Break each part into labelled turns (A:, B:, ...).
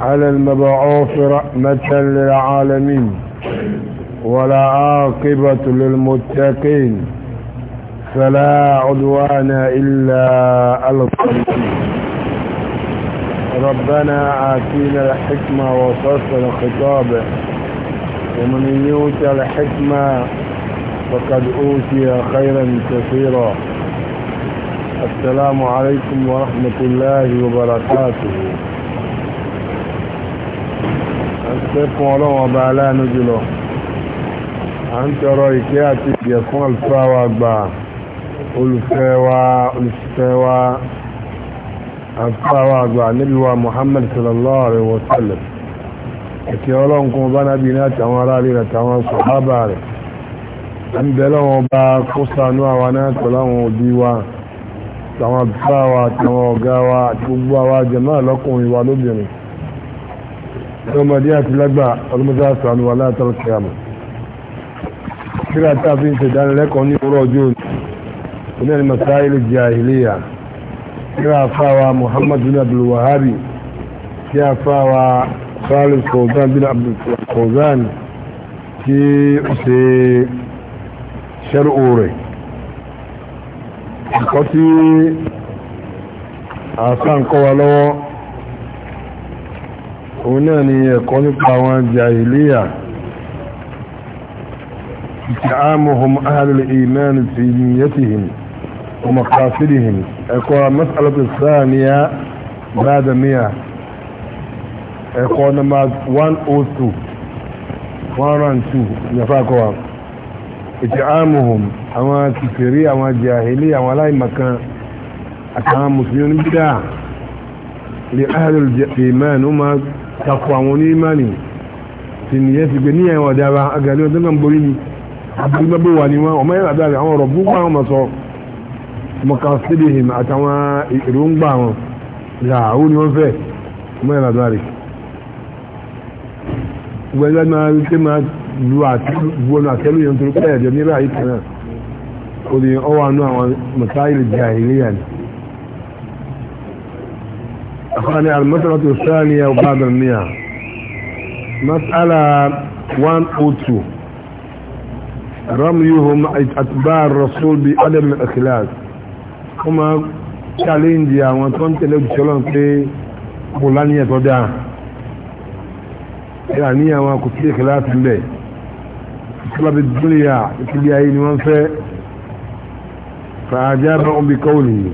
A: على المبعوث رحمة للعالمين ولا عاقبة للمتقين فلا عدوان إلا على ربنا آتينا الحكمة وفصل خطابه ومن يؤتى الحكمة فقد أوتي خيرا كثيرا السلام عليكم ورحمة الله وبركاته ìpẹ́ fún ọlọ́run ọba aláàánú jùlọ à ń tọrọ ìkẹ́ àti ìgbẹ̀ fún àlùfáà olùfẹ́ wa olùfẹ́ wa àlùfáà wa níbi wa Muhammad sallallahu alaihi wa sallam ìkẹ́ ọlọ́run kún bá nábì ní àtàwọn aráàlú àtàwọn sọ̀hábà rẹ̀ à ń bẹ lọ́wọ́ bá kó ṣàánú àwa náà pẹ̀lú àwọn òbí wa àtàwọn àlùfáà àtàwọn ọ̀gá wa gbogbo àwa jẹ̀mọ́ àlọ́kùnrin wa lóbìnrin ọmọdé àti lágbà ọlọ́mọdé sànù wà látọ̀rọ̀ kìámù kíra tá a fi ń ṣèdánilẹ́kọ̀ọ́ ní òwúrọ̀ ọjọ́ òní onírin masáìlì jahiliya kíra fáwa Muhammad bin Abdul Wahabi kí a fáwa Salih Fawzan bin Abdul Fawzan kí ó ṣe ṣẹ́rù rẹ̀ ẹ̀kọ́ tí ń kọ́ wa lọ́wọ́ òun náà ni ẹ̀kọ́ nípa àwọn jahiliya تعامهم أهل الإيمان في نيتهم ومقاصدهم أقوى مسألة الثانية بعد مئة أقوى نمبر 102 102 يفاقوا اتعامهم أما كفرية أما جاهلية ولا مكان أتعام مسلمين بدا لأهل الإيمان هم takò imani onímọ̀ ni ya ti gbé ní ẹ̀wọ̀n ọ̀dára agàlí ọdún náà ń borí ni agbègbè wà ní wọn ọmọ yẹn àdáre àwọn ọ̀rọ̀ búkú wọn ọmọ sọ mọ̀kànsídìhìn àtàwọn èròǹgbà wọn làwọn ni wọn fẹ ọmọ yẹn àdáre gbẹ̀gbẹ̀ máa ń ké máa lu àtẹ́lú àtẹ́lú yẹn nílẹ̀ náà ó ọwọ́ àánú àwọn ni أخواني المسألة الثانية وبعد المئة مسألة 102 رميهم أتباع الرسول بعدم الإخلاص هما challenge àwọn tó ń tẹ̀lé òjìṣọ́lọ́n pé kò láníyàn tó dáa ẹ̀rà ní àwọn kò sí ìkìláàsì ń bẹ̀ ìṣọ́lábi dúnlẹ̀ ìpìlẹ̀ ayé ni wọ́n fẹ́ fàájá bá ń bí kọ́ọ̀lì yìí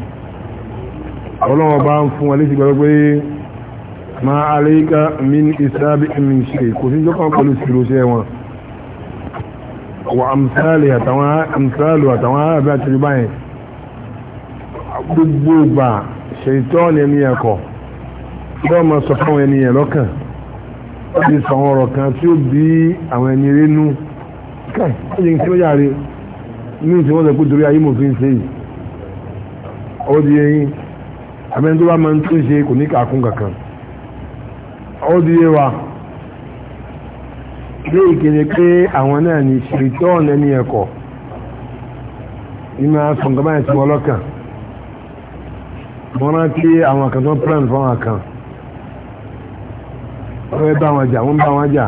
A: ọlọ́wọ́ bá ń fún wa léṣe pé ma alayka min isabi min ṣe kò sí jọ́kàn pẹ̀lú ìṣirọ́ṣẹ́ wọn wa amsali àtàwọn amsali àtàwọn arábẹ́ àti yorùbá yẹn gbogbo gbà ṣètọ́ ni ẹni ẹ̀kọ́ yóò máa sọ fáwọn ẹni yẹn lọ́kàn ó ti sọ àwọn ọ̀rọ̀ kan tí ó bí àwọn ẹni rẹ̀ nú káì ó yẹ wọ́n yára torí ayé mòfin ṣe yìí ẹyin àmì tó bá máa ń tún ṣe kò ní kàkún kankan ó di yé wa ilé ìkéde pé àwọn náà ní ṣètọ́ọ̀n ẹni ẹ̀kọ́ ní máa sọ nǹkan báyìí sí wọn lọ́kàn wọ́n rántí àwọn kan tó ń plan fún àwọn kan wọ́n fẹ́ bá wọn jà wọ́n bá wọn jà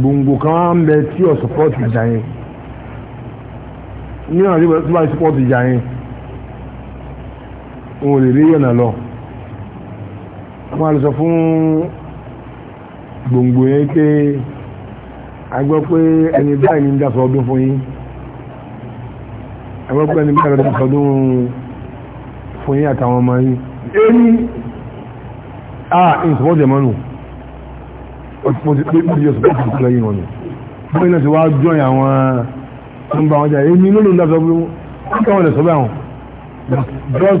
A: gbòǹgbò kan wá ń bẹ tí ọ̀ sọ́pọ́ọ̀tì jà yẹn ní àwọn tí wọ́n bá sọ́pọ́ọ̀tì jà yẹn òun lè rí yọ̀nà lọ wọ́n lè sọ fún gbòǹgbò yẹn pé a gbọ́ pé ẹni báyìí ní dáṣọ ọdún fún yín a gbọ́ pé ẹni báyìí ní dáṣọ ọdún fún yín àtàwọn ọmọ yín èyí à ìsọ̀bọ̀jẹ̀ mọ́nù bóyí náà ti wá jọyìn àwọn tó ń bá wọn jà èyí ní lónìí dáṣọ ọdún fún yín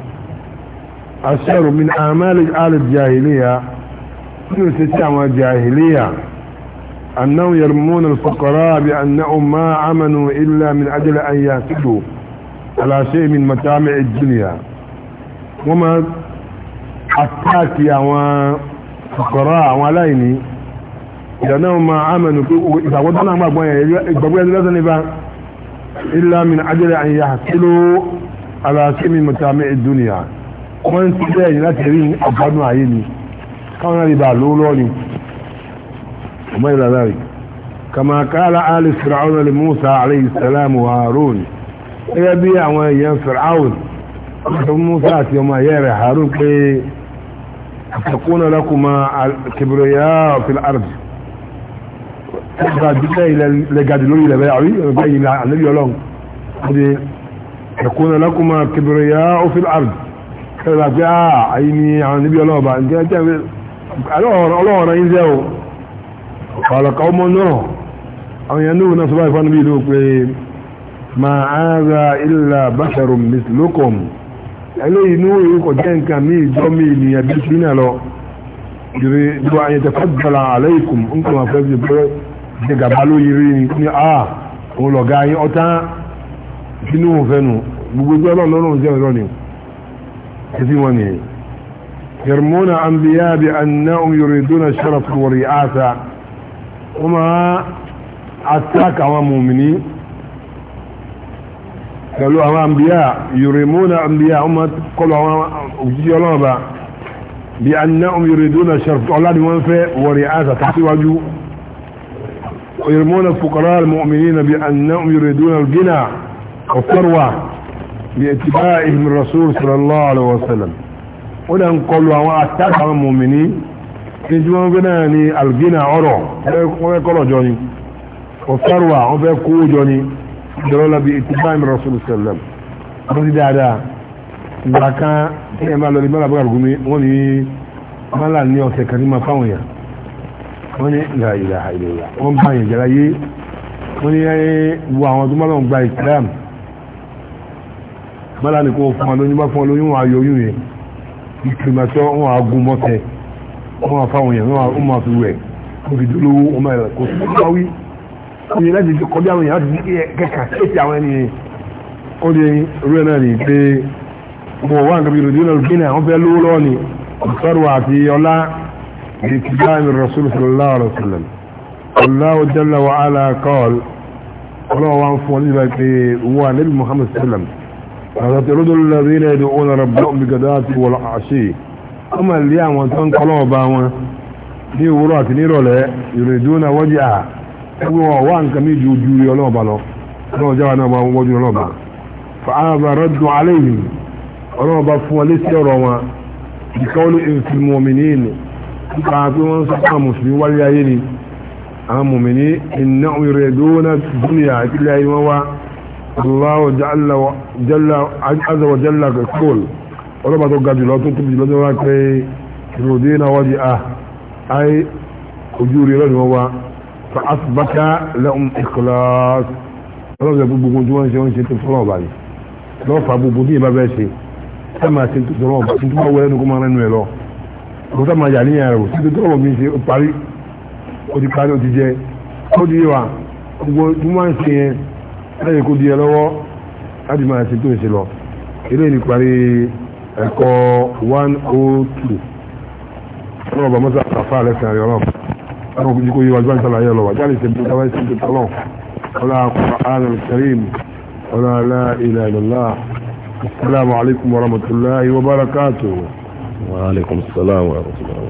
A: الشعر من اعمال آل الجاهلية كل يستعمى جاهلية انهم يرمون الفقراء بانهم ما أمنوا الا من اجل ان يأكلوا على شيء من متامع الدنيا وما يا فقراء وليني لانهم ما أمنوا اذا وضعنا ما اقبوا يجب الا من اجل ان يحصلوا على شيء من متامع الدنيا wọ́n ti bẹ́ẹ̀ ní láti rí àgbánú ayé ni káwọn náà lè bá lówó lọ́wọ́ ni ọmọ ìlà láàrin kàmà káàlà alì fìràún lè Musa alayhi salam wa Harun gẹ́gẹ́ bí àwọn èèyàn fìràún ọmọ Musa àti ọmọ ayé rẹ̀ Harun pé àtàkùnà lákùnmá kìbìrìyà fil ard ẹgbà dúpẹ́ ilẹ̀ lẹ́gàdì lórí ilẹ̀ bẹ́ẹ̀ àrí ẹgbẹ́ ilẹ̀ ànábì ẹ̀rọ àti àyí ah, ni àwọn níbi ọlọ́ọ̀bà ní ẹjẹ́ ọlọ́ọ̀rọ̀ yí jẹ́ o ọ̀lọ̀kà ọmọ náà àwọn èèyàn náà sọ báyìí fánibí ló pé ma a illa basharun mislukum eléyìí ní òye kò jẹ́ nǹkan mí ìjọ mi ènìyàn bí sí náà lọ jùlọ ìjọ àyẹ̀tẹ̀ fàgbàlà alaykum nǹkan máa fẹ́ fi bẹ́rẹ̀ ṣe gàbá ló yiri ni ní a ah, òun lọ̀gá yín ọ̀tá sínú gbogbo ìjọ ọlọ́run jẹ́ ìrọ́ كثيرا يرمون أنبياء بأنهم يريدون الشرف والرئاسة وما أتاك أمام مؤمنين قالوا أمام أنبياء يرمون أنبياء هم قالوا أمام أجيجي بأنهم يريدون الشرف الله بمنفع ورئاسة تحت واجو ويرمون الفقراء المؤمنين بأنهم يريدون الجنة والثروة باتباعهم الرسول صلى الله عليه وسلم ولن قلوا واتبع المؤمنين ìjúwọ́n gbé náà ni algina ọ̀rọ̀ wọ́n fẹ́ kọ́rọ̀ jọ ni ọ̀fẹ́rùwà wọ́n fẹ́ kó jọ ni ìdọ́lọ́lá bí ìtìbá ìmì rasul sallam wọ́n ti dáadáa ìgbà kan tí ẹ máa lọ ní mọ́là bọ́gà gúnmi wọ́n ní mọ́là ní ọ̀sẹ̀ kan ní máa fáwọn èèyàn wọ́n ní ìlà ìlà ìlà wọ́n bá yẹn jẹ́ra yé wọ́n ní wo àwọn tó mọ́là ń gba ìsìlámù mọ́lá ní kó fún alóyún bá fún alóyún wọn ayóyún yẹn ìkìrìmàtọ́ wọn agun mọ́tẹ wọn afáwọn yẹn wọn máa fi wẹ̀ wọn fi dúró wọn máa kó sọ́wí wọn yẹn láti kọjá àwọn yẹn láti ní kẹkà kéèkì àwọn ẹni yẹn ó lè rú ẹ náà ní pé wọn wà nǹkan bí rèdíò náà gbé náà fẹ́ lówó lọ́wọ́ ni ọ̀sọ́rọ̀ àti ọlá ìkìlá mi rasul sallallahu فترد الذين يدعون ربهم بقدات والعشي أما اللي عم تنقلوا باما ní òwúrọ̀ àti nírọ̀lẹ́ ìrìndúnà wọ́jà ẹgbẹ́ wọn wà nǹkan méjì ojú rí ọlọ́ọ̀bà lọ ọlọ́ọ̀ jáwà náà wọn wọ́jú ọlọ́ọ̀bà fàáàbà rọ́dùn aléyìn ọlọ́ọ̀bà fún wọn lẹ́sí ọ̀rọ̀ wọn ìkọ́lù ìfìmọ̀mìnín nípa pé wọ́n sọ fún الله جل و... جل عز وجل يقول ولما توقع جلو تنتم جلو دواك يرودين وجهه اي اجوري لن هو فاصبك لهم اخلاص ولو يقول بقول جوان شوان شيء تفصلوا بعد لو فابو بودي ما باشي كما تنتظروا بعد انتم اولا نكم انا نويلو وتما جالين يا رب تنتظروا من شيء باري ودي كانوا تجي ودي وا gbogbo tí wọ́n ń ṣe yẹn lẹ́yìn kó di ẹ lọ́wọ́ láti máa ṣe tó ń ṣe lọ ilé ní parí ẹ̀kọ́ 102 ọlọ́run ọba mọ́sá àfà lẹ́sìn àrí ọlọ́run ọlọ́run kò jí kó yí wájú àti àlàyé ọlọ́wà jáde ṣe bí dáwà ṣe tó lọ ọlá Qur'an al-Karim ọlá la ilaha illallah assalamu alaikum warahmatullahi wabarakatuh wa alaikum assalam wa rahmatullahi